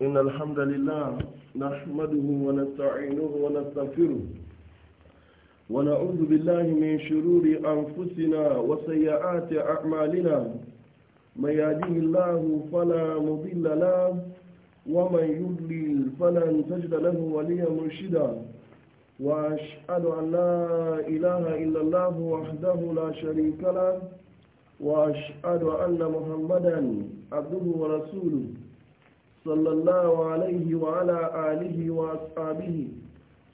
إن الحمد لله نحمده ونستعينه ونستغفره ونعوذ بالله من شرور أنفسنا وسيئات أعمالنا من يهديه الله فلا مضل له ومن يضلل فلن تجد له وليا مرشدا وأشهد أن لا إله إلا الله وحده لا شريك له وأشهد أن محمدا عبده ورسوله صلى الله عليه وعلى آله وأصحابه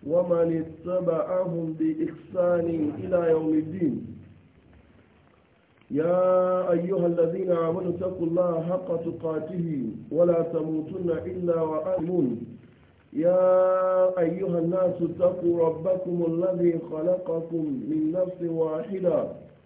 ومن اتبعهم بإحسان إلى يوم الدين يا أيها الذين آمنوا اتقوا الله حق تقاته ولا تموتن إلا وأنتم يا أيها الناس اتقوا ربكم الذي خلقكم من نفس واحدة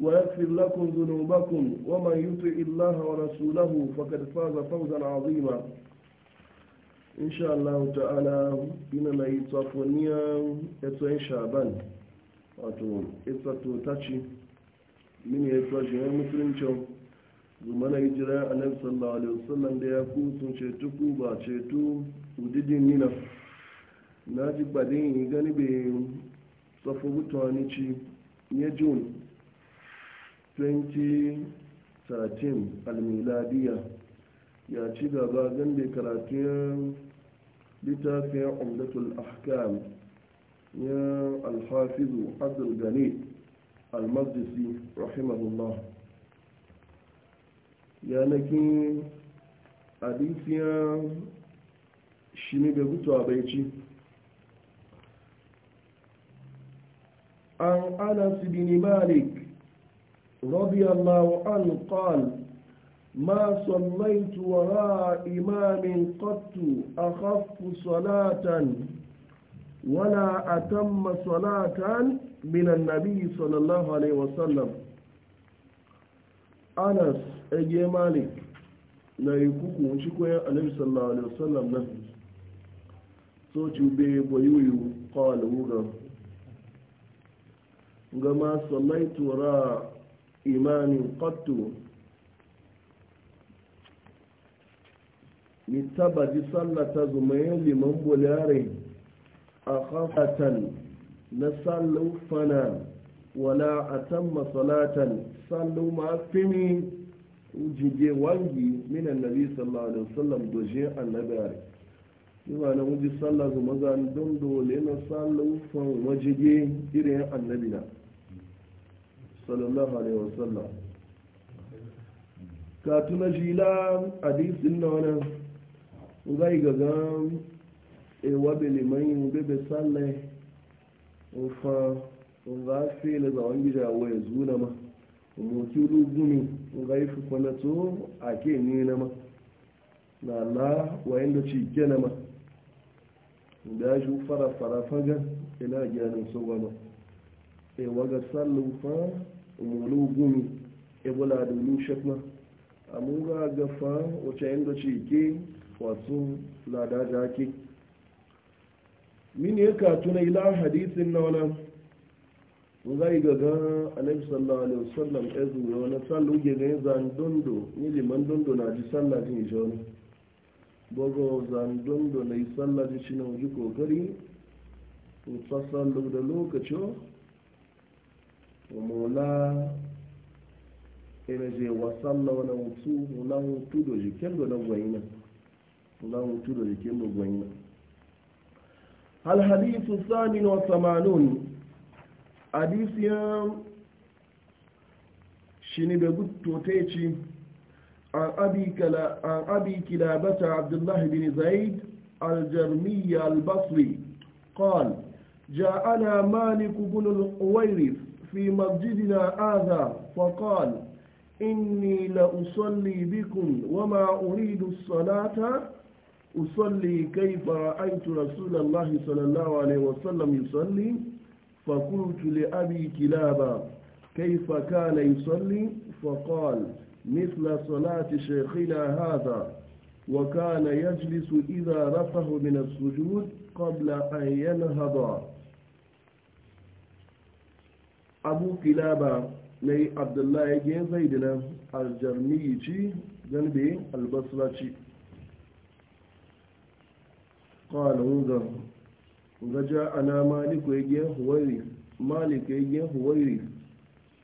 ويغفر لكم ذنوبكم ومن يطع الله ورسوله فقد فاز فوزا عظيما إن شاء الله تعالى إن لا يتفونيا إتوين شعبان wato ifatto ta ce mini ya fi jiyar musuluncin zumana hijira a nan sallallahu alaihi wasallam da ya ku sun ku ba ceto udidin na ji gbadin gani bai tsafo mutuwa ni ci ne 2013 almiladiya ya ci gaba gande karatun littafin umdatul ahkam ya alhafizu abdul gani almajlisi rahimahullah naki adisiyan shi ne da gutu ci. an ana bin malik رضي الله عنه قال ما صليت وراء إمام قط أخف صلاة ولا أتم صلاة من النبي صلى الله عليه وسلم أنس أجي مالك na yi kuku wunci koyan annabi sallallahu alaihi wasallam nan so ci be boyuyu qala wuga gama sallaitu ra imanin qattu mi taba ji sallata zumayen liman bulare a khafatan na sallon fana wala a tamma salatan sallon mafini jige wangi minan nabi sallallahu alaihi wasallam dojin annabi yana wuji sallah zuma zan don dole na sallon fan wajige irin annabi na sallallahu alaihi wasallam ka tuna jila hadisin na wani ngai gaga ewa bele mai bebe sallai ufa nga na za wangi da waya zuna ma umuki rugumi nga ifi kwana to ake ni na ma na la wayan da ci ke ma da ju fara fara faga ina gyanin su ewa e ga sallu nfa. umulu gumi ebola da ulu shekma amma ga gafa wacce yin ce ke wasu lada jake min ya katu tuna ila hadisin na wani yi gaga annabi sallallahu alaihi wasallam ya zuwa wani sallu ga ganin zandondo ni liman dondo na ji sallah jin jona bogo zandondo na yi sallah jin shi na wuji kokari in sassan da lokaci ومولا إلى جي وصل له ونوصوه ونو تودو جي كم دو نوغوين ونو تودو جي كم دوغوين الحديث الثامن وثمانون حديث يام شنب قد توتيتي عن أبي كلا عن أبي كلابة عبد الله بن زيد الجرمي البصري قال جاءنا مالك بن الأويرث في مسجدنا هذا فقال إني لأصلي بكم وما أريد الصلاة أصلي كيف رأيت رسول الله صلى الله عليه وسلم يصلي فقلت لأبي كلابا كيف كان يصلي فقال مثل صلاة شيخنا هذا وكان يجلس إذا رفه من السجود قبل أن ينهض abu kilaba na yi abdullahi ya gen zai dina aljarniyi ci zanbe albasra ci ƙwalin zan gaja ana maliku ya gen huwari maliku ya gen huwairi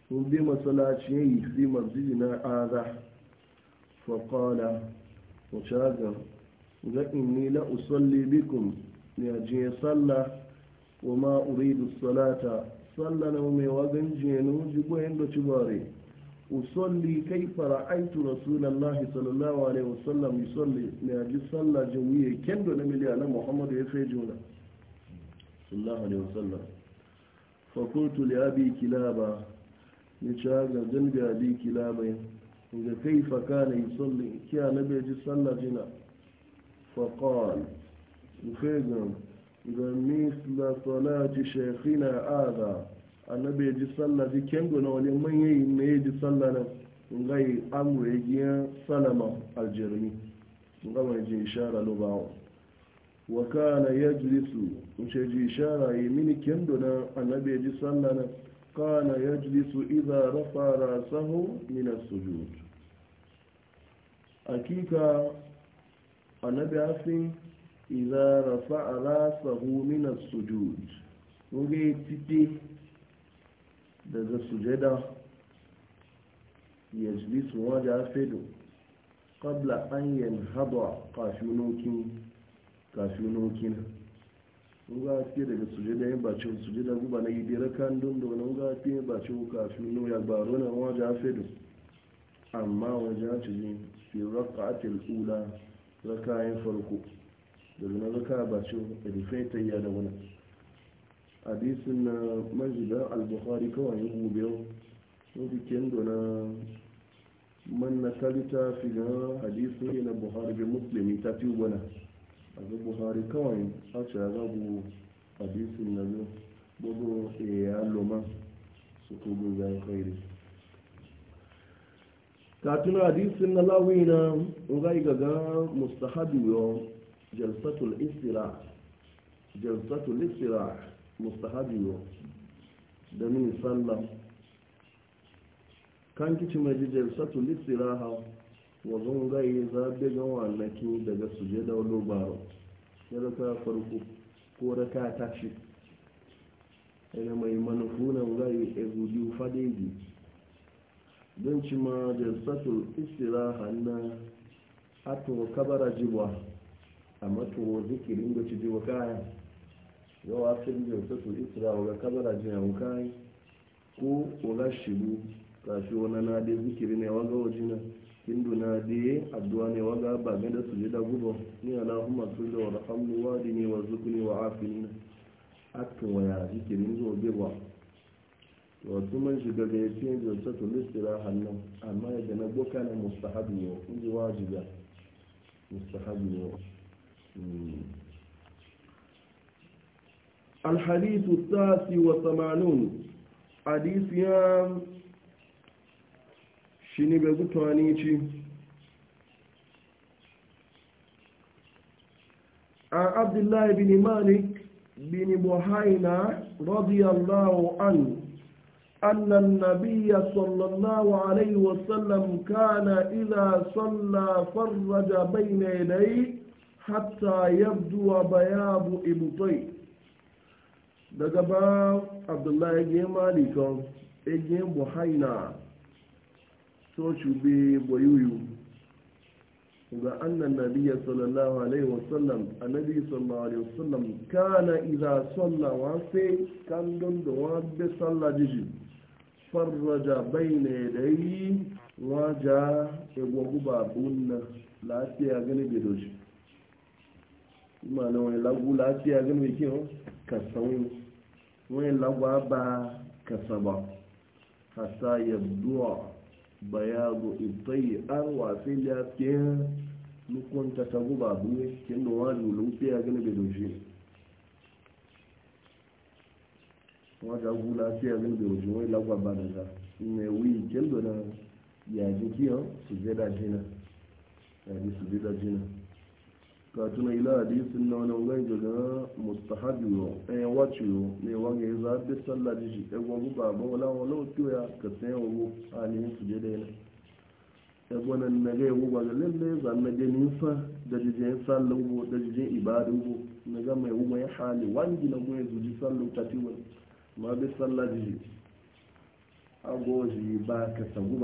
sun bi masalaci ya yi fi masjidi na aza faƙala mucagan ga inni la usalli bikum ne a jiye sallah wa ma salata sallah na mai wagan jenu jigoyen da ci bare usalli kai fara aitu rasulallahi sallallahu alaihi wasallam usalli ne a ji sallah jawiye kendo na miliyan na muhammadu ya fai juna sallallahu alaihi wasallam fakultu li abi kilaba ni ci haga zanbi abi kilaba ga kai faka na usalli kiya na bai ji sallah jina faƙal mu fai gama مثل صلاة شيخنا هذا annabi ya ji sallah ji kengo na wani manyan na ya ji sallah na ngai amur ya giya salama aljermi nga mai ji ishara lo bawo wa kana yajlisu uce ji ishara yi mini kendo na annabi ya ji sallah na kana yajlisu idza rafa rasahu min as-sujud akika annabi asin iza rafa rasahu min as-sujud muge titi daga sujada waje waja fedo kabla an yanhada kafinukin kafinukin nga fi daga sujada yin bacin sujada guba na yi dira kan don da wani nga fi bacin kafin ya gbaro na waja fedo amma waje a cikin fi raka'atul ula rakayin farko daga zuna zaka ba shi rufai ta yi da wani hadisin na manjiga al-bukhari kawai yin gobe sun fi kendo na man na kalita fi ga yi na buhari bin musulmi ta fi wani a Bukhari buhari kawai a ce a zagu hadisin na zo gbogbo e ya aloma su kogo zai kairi tuna hadisun na lawina ga gaga mustahabi yau jalsatul istira jalsatul istira mustahabiyo da min sallam kan kici mai ji jalsatul istira ha wazon gaye zaɓe wannaki daga suje da wani baro ya raka farko ko raka ta ci yana mai manufunan gaye a gudu fadegi don ci ma jalsatul istira hannu atun kabara jibwa amma to zikirin da ci ji wa kaya yau a sun da wata su isra wa kamara jiya yawon kayan ko ola shiru kashi wani na dai zikiri ne waga wajina hindu na dai addu'a ne waga ba ga da su ji da gudu ni ala kuma su da wa hamdu wa dini wa zukuni wa afin akin waya zikirin zo to wasu man shiga da ya yin da wata su isra hannun amma yadda na boka na mustahabi ne kun ji wajiba mustahabi ne الحديث التاسع والثمانون حديث يام شيني بيقولوا عن عبد الله بن مالك بن بوهينة رضي الله عنه أن النبي صلى الله عليه وسلم كان إذا صلى فرج بين يديه hatta yabduwa bayabu ibutai daga ba abdullahi ya malikan ege buhaina so shube boyuyu ga annan nabiya sallallahu alaihi wasallam a annabi sallallahu alaihi wasallam kana idza salla wa sai kan don da wa be salla jiji farraja bayna yadayhi wa ja e gogu babunna lafiya gani be doshi ìmọ̀ náà wọn lágbó láti agẹ́nu ìkí wọn kàsán wọn wọn lágbó bá kàsán hasa yabduwa bayago ìtọ́yì arwa sai lafiyar nukun ta tagu ba buwe kin da wani lulufi a bai doshi wọn ta gu láti bai doshi da lágbó bá dada ìmọ̀ ewu ìkẹ́ndọ̀ náà yàjí kíyàn sujeda jina yàjí sujeda jina katuna ila hadisi na wani ngai daga mustahabi yo eh wachi yo ne wange za be sallah di shi ego eh, gu baba wala wala to ya ka sai a ani su eh, je da ne ego na ga wo da lalle za na ni da je sallah wo da je ibada wo na ga ya hali wani gina mu yanzu ji sallah ta ma di ba ka sagu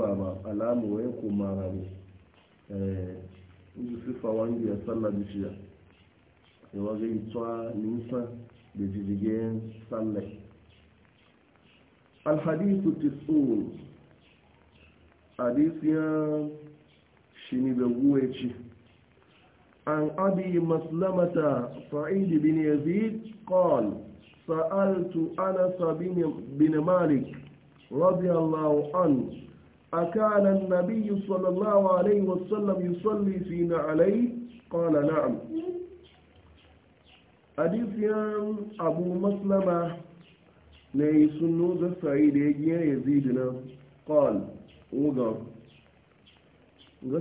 inji fifa wangi ya sallah da shiya ya waje ituwa nisa da jirgin sallah alhadisu tisun hadisiyan shi ne da An abi maslamata. مسلمة سعيد بن يزيد قال سألت أنس بن مالك رضي الله أكان النبي صلى الله عليه وسلم يصلي فينا عليه قال نعم حديث أبو مسلمة نيس سنوز السعيد يزيدنا قال وقال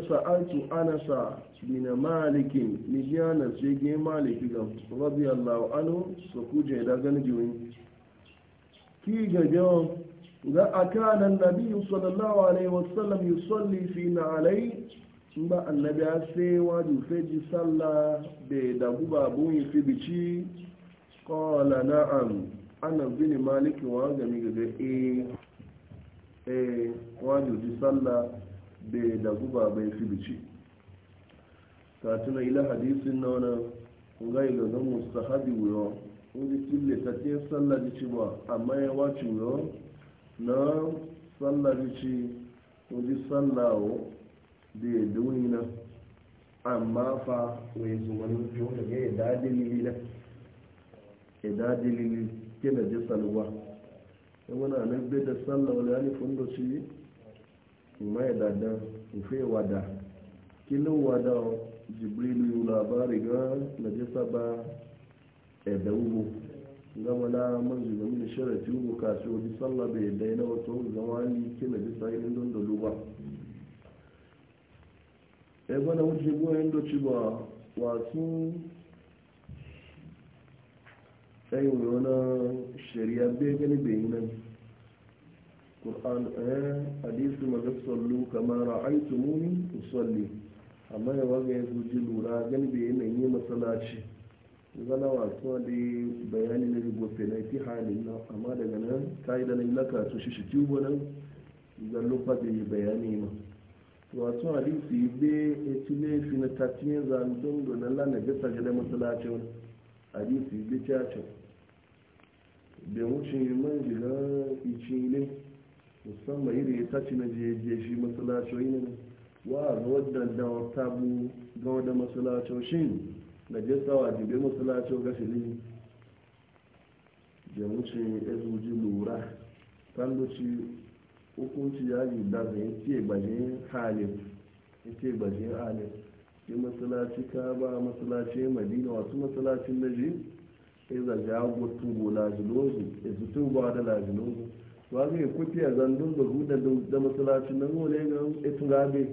سألت أنس بن مالك نجانا سيجي مالك رضي الله عنه سكوجي داغن جوين كي جاجون ga akanan nabi sallallahu alaihi wasallam yusalli fi na alai ba annabi ya sai waju feji sallah da da guba bun fi bici qala na'am ana bin maliki wa ga mi ga eh eh waju ji sallah da da guba bai fi bici ta tuna ila hadisin nona ngai ga zan mustahabi wuyo ndi tille ta ke sallah ji ci ba amma ya wace wuyo na sallaji ce waje sallawo da ya duni na amma fa wai zuwanin fiye da ya yi dadilili na ya dadilili kina ji salwa ya wana nan bai da sallawa da yani fundo shi ma ya dada rufe wada kilin wada jibrilu labari ga na ji ba ya dawo ugu gama na manzu game da sharafi ko kasu wani sallah bai yadda yana wato zama ni kina bi sa'irin don da luba ya e, gwada wuce do ci ba wasu tsayin wani shari'a bai gani bai yi nan ƙur'an ɗaya eh, hadisu maza sallu kamar ra'aitu muni usalli amma ya waga ya zuji lura gani bai yi nan yi masalaci zana wato da bayani na gofe na fi halin nan amma daga nan ta yi da na ilaka su shi shi tubo nan zallo ba da bayani ma wato yi be a ci fi na tatiyan zantun donan lana gasa ga da su yi be cacin wucin yi man jira ici ne musamman iri ya taci na jeje shi masalacin ne wa a zuwa da dawa bu ga wadda masalacin shi da jesa wajibai masalacin gafili jamuci ya zuji lura tandoci hukunci ya yi da zai ke gbajin halin ke gbajin halin yi masalaci ka ba masalaci madina wasu masalacin na ji ya zaji agwatun go lajilozu ya zutun ba da lajilozu ba zai kufi a zandun da hudu da masalacin nan wale ga ya turabe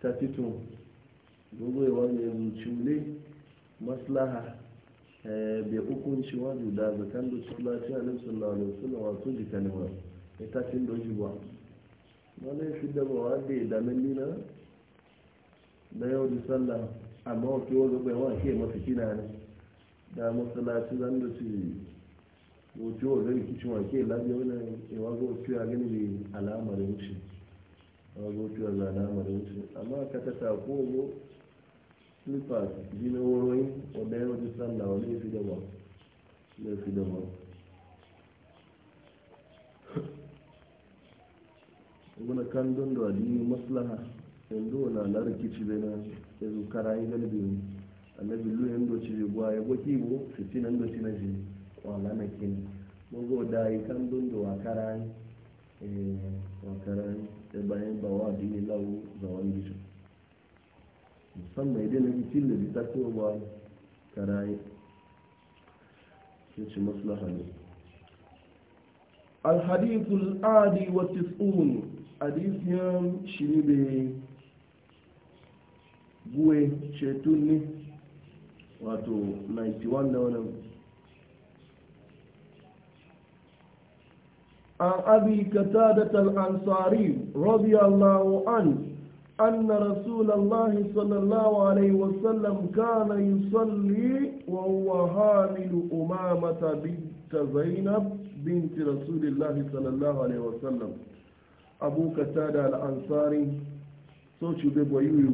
ta titun dogo ya wani ya zuci ne maslaha eh, bai hukunci wajen da zakan da su shi na sallallahu alaihi wasallam wato jika ne wa ya cin da shi ba wani shi da ba wa da ya damin nina da yau da sallah amma wato wanda bai wa ke masu kina ne da masalaci zan da su wato zai kici wa ke lafiya wani kewa ga wato ya gani da al'amarin shi wa ga wato ya zana al'amarin shi amma ka ta sako slippers jini wurin wanda ya wajen sallah wani ya fi dama ya fi dama wani kandun da adini maslaha yanzu wani larki ci bai na ya kara yi galibi ne annabi lu yan do ci gwa ya gwaki bo fitin an do ci na ji wala na kin mugo da yi kandun da wakara eh wakara da bayan bawa dini lawo zawan gishi musamman idan na cikin da bisa cewa karaye ya ce maslaha ne alhadithul adi wa tis'un hadithiyan shi ne da guwe cetun ne wato 91 da wannan عن أبي كتادة الأنصاري رضي الله عنه An رسول الله صلى الله عليه وسلم كان يصلي وهو حامل أمامة بنت زينب بنت رسول الله صلى الله عليه وسلم أبو كتادة الأنصاري صوتي ببويو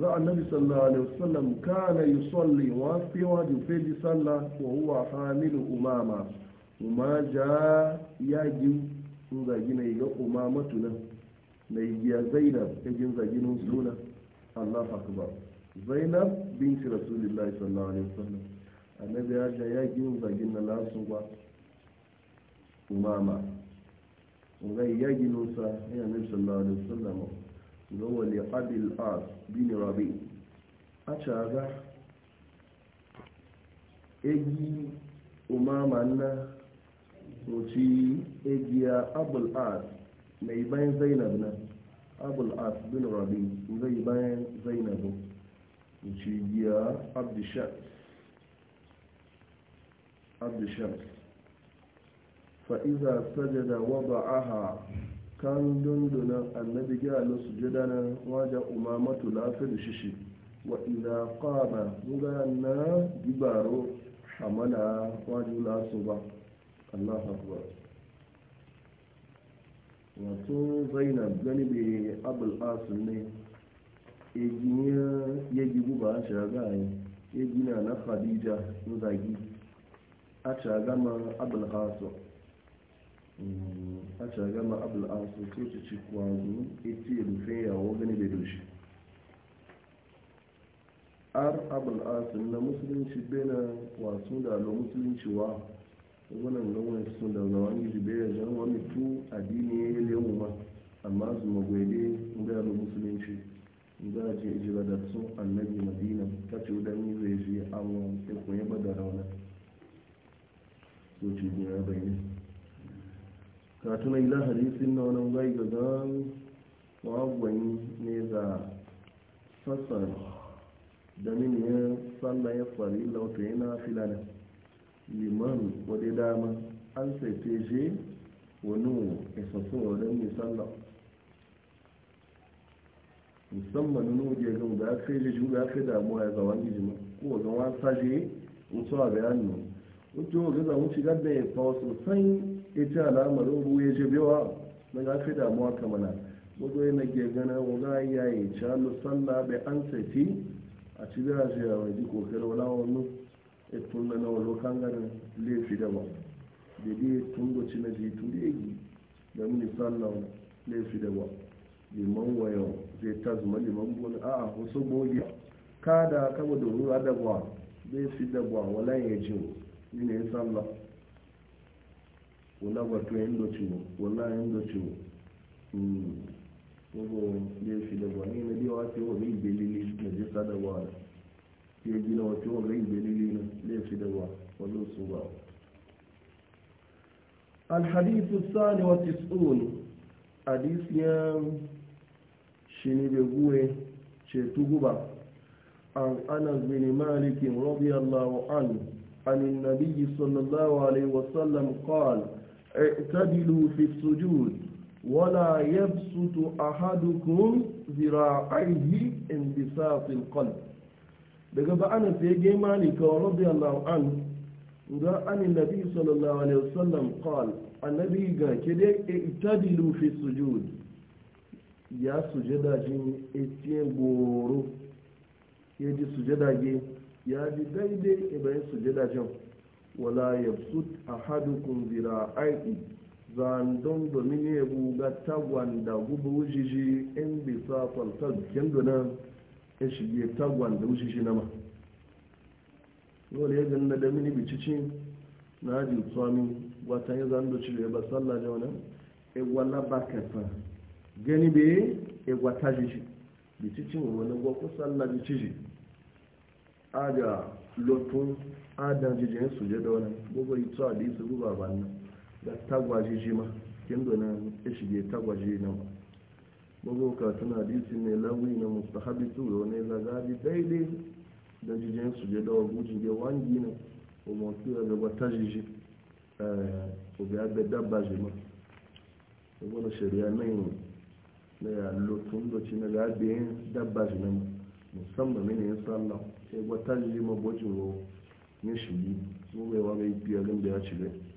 ga annabi sallallahu alaihi wasallam kana yusalli wa fi waji fi di salla wa huwa hamilu umama umaja ya gi ga gina ga umama tunan mai giya zainab ta ginza suna allah akbar zainab binci rasulullah sallallahu alaihi wasallam annabi ya ga ya zagin na lasu ba umama ngai ya ginusa ya annabi sallallahu alaihi wasallam ga wali qabil as bin rabi a caga egi umama na soci egi abul as mai bayan zainab na abul as bin rabi zai bayan zainabu ci giya abdishams fa'iza sajada ba'aha kan dundunan annabi gyalo su jida nan wajen umamatu lafi da shishi wa ina qama buga na dibaro hamala waje lasu ba allah akbar wato zainab gani bai abul na ne ya gibu ba a shaga yi ya gina na khadija in zagi a shaga ma abul asun hmm, a shaga ma abul asun so ci kwazo ita ya rufe yawo gani bai doshi ar abul na musulunci bena wasu da lo musulunci wa wannan lawan sun da zaman yi da ya zama wani tu addini ya yi ma amma su magwaide ga da musulunci ga ce jira sun annabi madina ta ce da ni zai shi an sai kun yaba da rauna so ce ne ya bayyana ka tuna ila hadisin na wannan gai ga zan wagwani ne za sassan da min ya sallah ya fari lauta yana filanin liman wadda dama an sai teje wani isasun wadon misalla musamman nuna ga gama da aka yi jiju da aka yi damuwa ya zawon gijima ko ga wasa je mutu a bayan nan mutu ga zamu shigar da ya fawa sosai ita alamar rubu ya je bewa na ga aka yi damuwa kamana ke gana gegana waga yayi calo sallah bai an sai a ci da shi a wani kokarin wani tun na nawa lokan ganin laifi da ba da biyu tun goci na ji tun da yi da mini sallan laifi da ba liman wayo zai ta zuma liman bone a a wasu bogi da kama da rura da ba zai fi da ba wala ya ji ni ne sallan wala ba to yin doci wala yin doci gbogbo hmm. laifi da ba ni na biyawa ce wa mai belili na jisa da ba ya gina wata waga yi dalili na laifi da ba wajen su ba alhadisu sani wa tis'un hadisiyan shi ne bai guwe ce tuguba an anas bin malikin radiyallahu anhu عن النبي صلى الله عليه وسلم قال اعتدلوا في السجود ولا يبسط أحدكم ذراعيه انبساط القلب daga ba ana sai gai kawo wa radiyallahu an ga ani nabi sallallahu alaihi wasallam qal annabi ga ke dai e, itadilu fi sujud ya sujada jin etiye goro ya ji sujada ge ya ji daidai e ibrahim sujada jin wala yabsut ahadukum a don domin ya buga tagwanda gubu jiji in bisa jikin genduna ya shige tagwan da wuce shi na ma dole ya gani na da mini bicicin na haji tsami watan ya zan doci da ya ba sallah da wani egwa na ba kafa gani be egwa ta ji shi bicici wani gwa ko sallah ji ci shi a da lotun adan jijin su je da wani gbogbo ito a da isa guba ba nan da tagwaji shi ma kin dona ya shige tagwaji na ma mago katun hadisi ne lawi na mustahabi tuyo ne zagabi daidai da jijin su je dawa waguji da wangi ne o mo ya da ta jiji eh, o bi agbe dabba ji ma o gbọdọ shari'a nan ne na ya lotun doci na gabi yin dabba je ma musamman mini ya sallah sai gwata jiji mabojin wo ne shi yi mo bai wa mai biya gan da ya ci dai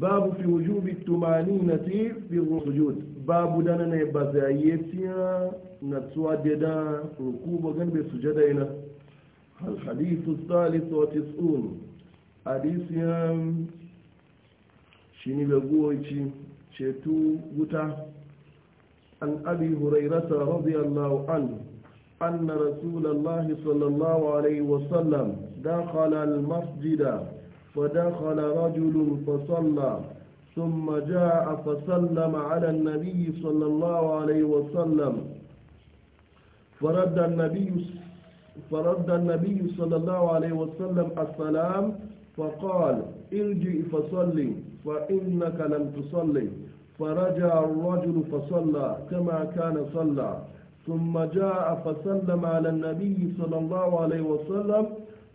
باب في وجوب التمانينة في السجود باب دانا نبزايتيا نتسوى ديدا ركوبا جنب سجدينا الحديث الثالث وتسعون حديثيا شيني بقوتي شتو غتا عن ابي هريره رضي الله عنه ان رسول الله صلى الله عليه وسلم دخل المسجد فدخل رجل فصلى ثم جاء فسلم على النبي صلى الله عليه وسلم فرد النبي فرد النبي صلى الله عليه وسلم السلام فقال ارجع فصلي فإنك لم تصلي فرجع الرجل فصلى كما كان صلى ثم جاء فسلم على النبي صلى الله عليه وسلم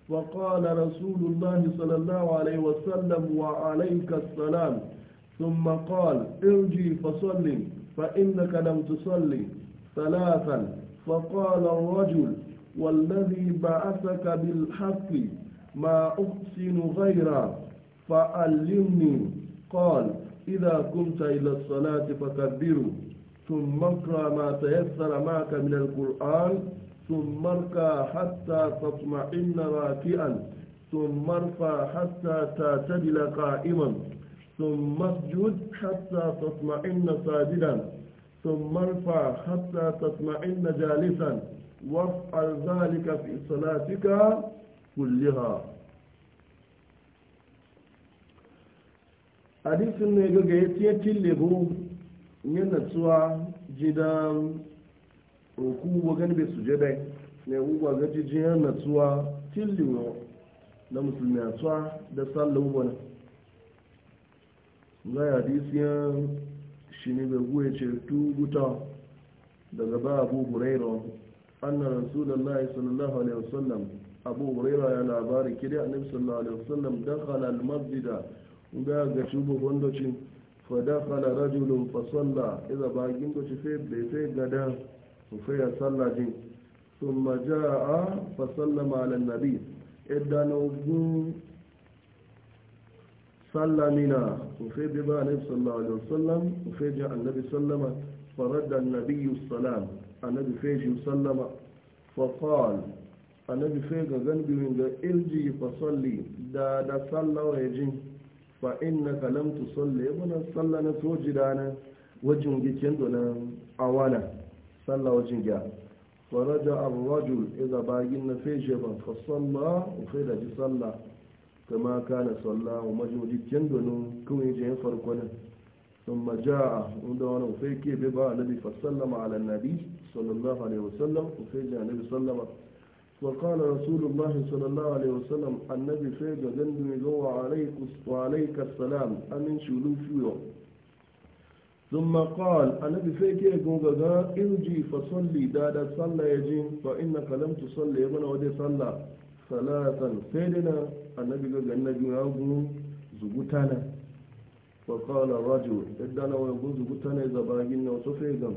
فقال رسول الله صلى الله عليه وسلم وعليك السلام ثم قال ارجي فصلي فإنك لم تصلي ثلاثا فقال الرجل والذي بعثك بالحق ما أحسن غيرا فعلمني قال إذا قمت إلى الصلاة فكبروا ثم اقرأ ما تيسر معك من القرآن ثم ارفع حتى تطمئن راكعا ثم ارفع حتى تعتدل قائما ثم اسجد حتى تطمئن ساجدا ثم ارفع حتى تطمئن جالسا وافعل ذلك في صلاتك كلها hadisin ne ga تيتي ce tillibu yin natsuwa oku wagan bai suje dai ne ugwa ga jijiyar natsuwa tiliyo na musulmi natsuwa da sallah ubana ga siya shi ne bai goye ce guta daga ba abu huraira anna rasulullahi sallallahu alaihi wasallam abu huraira ya labari kiri annabi sallallahu alaihi wasallam dakhala al almasjida ga ga shubu gondocin fa dakhala rajulun fa sallah idan ba gingo ci sai bai sai gada. وفي صلى جن ثم جاء فسلم على النبي إدى نوجين صلى منا وفي بما النبي صلى الله عليه وسلم وفي جاء النبي صلى فرد النبي السلام النبي فيجي وسلم فقال النبي فيجي ذنبي من إلجي فصلي دا دا صلى ويجين فإنك لم تصلي ابن صلى نتوجد أنا وجنجي كندنا أولا sallah wajen gya wa raja ar-rajul idza bagin na feje ban fa sallah u fe da ji sallah kama kana sallah wa majudi kin dono kun je farko ne ثم جاء ودون وفيك ببا النبي فسلم على النبي صلى الله عليه وسلم وفيج النبي صلى الله عليه وسلم وقال رسول الله صلى الله عليه وسلم النبي فيج جندي عليك وعليك السلام أمن شلوف يوم ثم قال أنا بفكر غوغا ارجي فصلي دادا صلى يجين فإنك لم تصلي يبنى ودي صلى ثلاثا سيدنا النبي غوغا النبي غوغو زغوتانا فقال الرجل إدانا ويقول زغوتانا إذا باقينا وصفيقا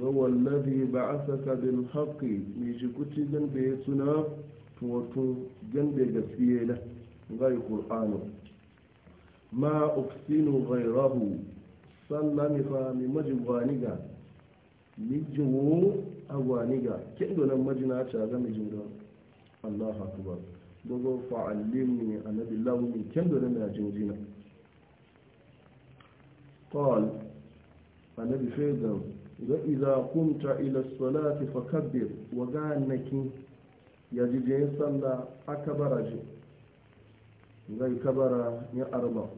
غو الذي بعثك بالحق ميجيكوتي جنبي سنا توتو جنبي غسيلة غير قرآن ما أحسن غيره sallami fa mi majin gwaniga mi jiwo a gwaniga kin donan majina ta ga mi jiwo Allahu akbar gogo fa allimni annabi lahu min kin donan da jinjina qal annabi fegan ga idza qumta ila salati fakabbir wa ganaki ya jijin sallah akbaraji zai kabara ya arba'a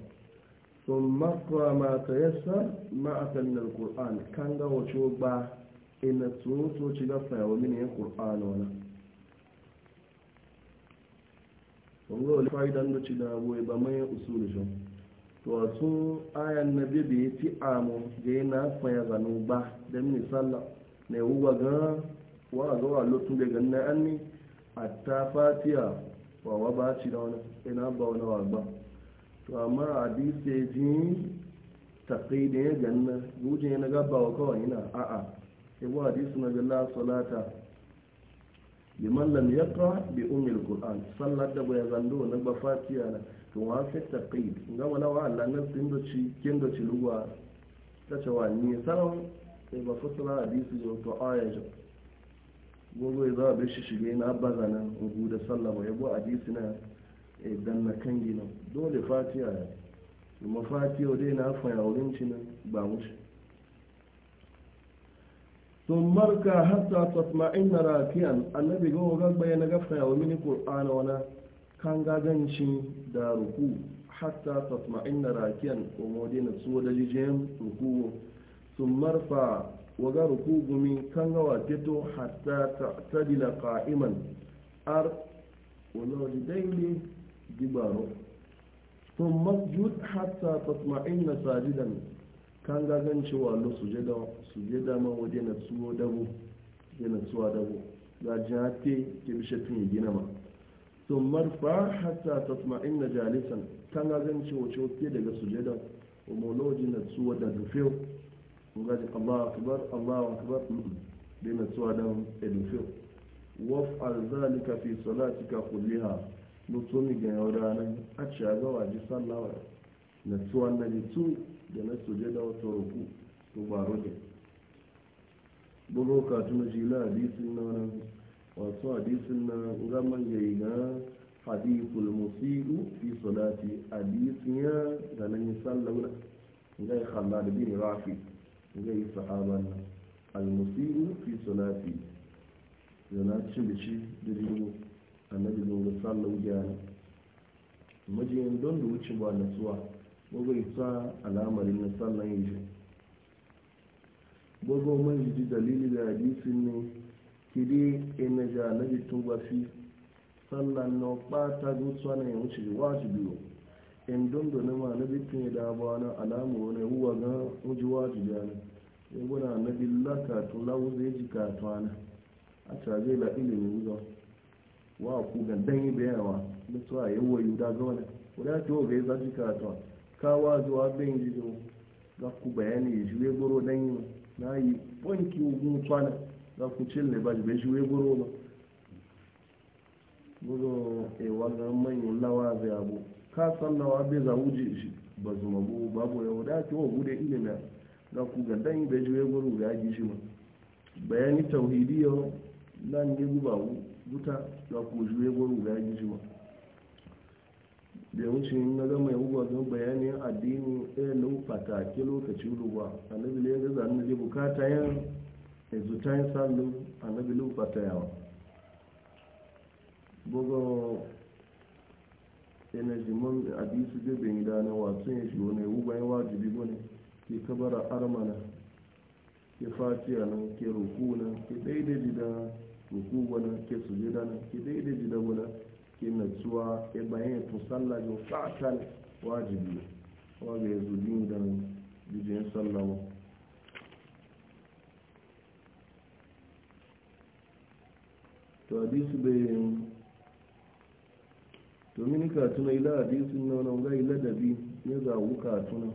ثم اقرا ما تيسر مع kan القران كان ba, ina ان تسوتو تشغفا ومن القران ولا kungo wani fa'idan da ci da goyi ba mai usulu shi to su ayan na ya ti amu da yana faya zanu ba da mini salla na yi wuwa ga wa lotun da ganna an a ta fatiya ba ci da wani ina ba wani wa ba to amma a ya ji da ya ganna guje na gaba wa kawai yana a'a bu hadisu na jalla salata mallam ya ka bi ummil kur'an sallar da bai zando na ba Fatiya na to wa fi tafi ga wala wa Allah nan sun da ci kin da ci luwa ta ce wa ni salam sai ba fasara hadisu jo to aya gogo ya za a bi shi shige na bazana ugu da sallama bu hadisu na idan na kan gina dole fatiya ya kuma fatiya dai na faya wurin ci nan ba mushi sun marka hatta tatma'inna rafiyan annabi ga wa gagba ya na gafa ya wani qur'ana wana kan gagan shi da ruku hatta tatma'inna rakiyan wa modina su da jijiyan ruku sun marfa waga ruku gumi kan gawa fito hatta ta'tadila qa'iman ar wala daidai gibaro sun masjud hatta tasma'in na sajidan kan gagan cewa lo sujeda sujeda ma waje na tsuwo dabo je na tsuwa dabo ga jihate ke bi shatin yi gina ma tun marfa hatta tasma'in na jalisan kan gagan cewa cewa daga sujeda homologi na tsuwa da dufew ngaji allahu akbar allahu akbar bai na tsuwa da dufew waf'al zalika fi salatika kulliha mutumi ga yau ranar a ci a gawa ji sallawa na tuwan na litu da na suje da wata roku su ba roke bugu ka tuna na hadisin na wani wasu hadisin na gaman yayi na hadisul musiru fi salati hadisin ya da na yi sallawa ga yi kalla da bin rafi ga yi sahaban al-musiru fi salati yana cin da shi da jirgin annabi zo da sallau gyara majiyin don da wuce ba na suwa isa al'amarin na sallan yi gogo man ji dalili da hadisin ne kidi ina ja annabi tun ba fi sallan na bata dutsuwa na ya wuce wajibi in don da na ma na bitin da ba na alamu wani huwa ga wuji wajibi ne ya guna na laka tun lawu zai ji katuwa na a caje ilimin wuzo wa ku gandan yi da su a yawa yuda ga wani wadda ta wa bai zaji karatuwa kawa zuwa bayan za ku bayani ya shiwe goro yi na yi wanki ugun kwana za ku cille ba bai shiwe goro ba gudu a e, wannan manyan lawa zai abu ka san lawa bai za wuce shi ba zuma bu babu ya wadda ta wa bude za ku yi bai ya ji ma bayani nan buta za kuju ya goro ga yi jiwa da yin na gama ya hukwa don bayanin addini ɗaya eh, na fata ke lokaci ruwa annabi ya ga zanen da bukata yan ezutayin sallin annabi lu fata yawa bugu a jiman hadisi da bin dana wasu watsun ya shigo ne bayan wajibi gone ke kabara armana ke fatiya nan ke ruku nan ke daidai da ruku wani ke sujada na ke daidai jida wani ke natsuwa ya bayan tun sallah yau fatan wajibi waga ya zubi da jijiyar sallah wa to hadisu bai to mini katuna ila hadisun na wani ga ila dabi ya zawu katuna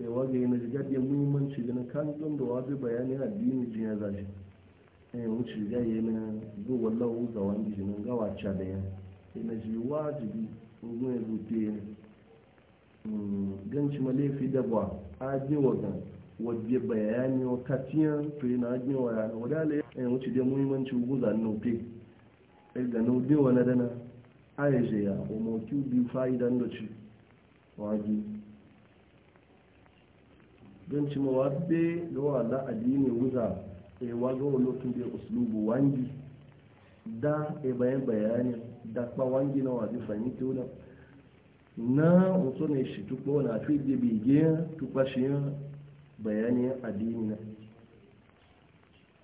ya eh, waga na jigadiyar muhimmanci na kan don da wazi bayani addini jiya zashi sai wuce yi mana zuwa lau ga wani jinin gawa ca da ya na ji wajibi ogun ya ya mm, ganci malefi dabwa ajewa ga wajen bayani katiyar to yana ajewa yana wa ya eh, wuce eh, da muhimmanci guza nufe ga nufe wani dana zai ya omoki bi fa'idan da ci wagi ganci mawabe da wa la'adi ne guza e eh, wago lokacin da uslubu wangi da e bayan bayani da kwa wangi na wazi fahimci wuna na wato ne shi tukpo na fi da bege tukpa shi bayanin addini na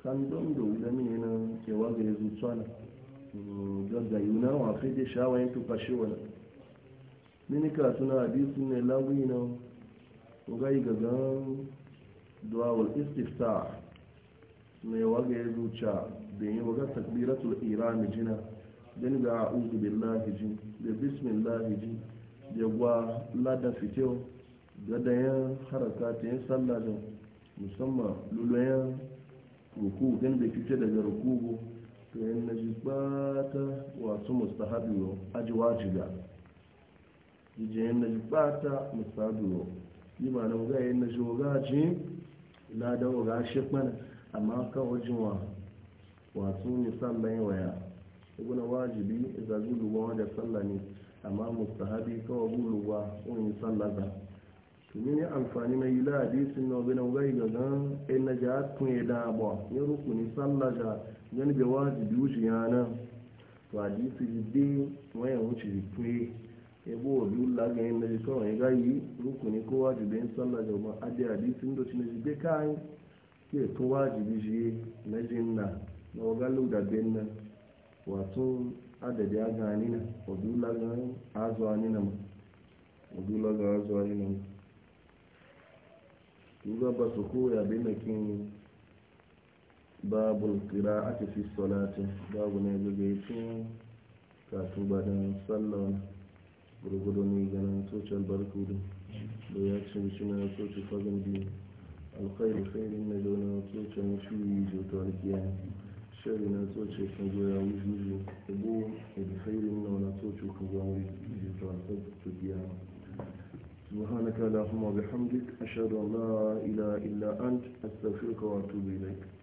kan don da wudami ne na ke waga ya zuwa na don mm, da yuna wa fi da shawayin tukpa shi wani mini karatu na hadisi ne lagwi na ga yi gagan duwawar istifta mai waga ya zuciya da yi waga takbiratul irami jina din ga uzu billahi ji da bismillahi ji da gwa lada fito ga da yan haraka ta yin sallah da musamman lulayen ruku don da fito daga ruku to yin na ji wasu mustahabiyo aji wajiga jijiyen na ji bata mustahabiyo yi ma na waga yin na ji waga ji lada waga shi amma kan ojinwa wasu nisan bayan waya ibu na wajibi za guluwa wanda sallah ne amma mustahabi kawai guluwa wani sallah za tuni ne amfani na yila hadisin na wani gai ga gan in na ja tun ya da ba ya rukuni sallah ga gani bai wajibi wuce yana to hadisi jiddi wayan wuce tun ebe obi ụlọ agaghị mmeri kọrọ ịgaghị rukuni ko wajibin sallah ga ma adị hadisi ndo chinezi bekanyị ke tun wajibi shi na jinna na wagalu da benin wato adadi a gani na odula ga azu ani na odula ga azu ani na duga ba su koya na kin babul qira'ati fi solatin babu ne daga yakin katu ba da sallah gurgudu ne ganin social barkudu da ya ci shi na social fagen biyu alkhairu khairin na zaune na tsoce na shuyi zuta wani kiyan shari na tsoce kan goya wujuzu abu da khairin na wani tsoce kan goya wujuzu zuta wani tsoce kiyan سبحانك اللهم وبحمدك أشهد أن لا إله إلا أنت أستغفرك وأتوب إليك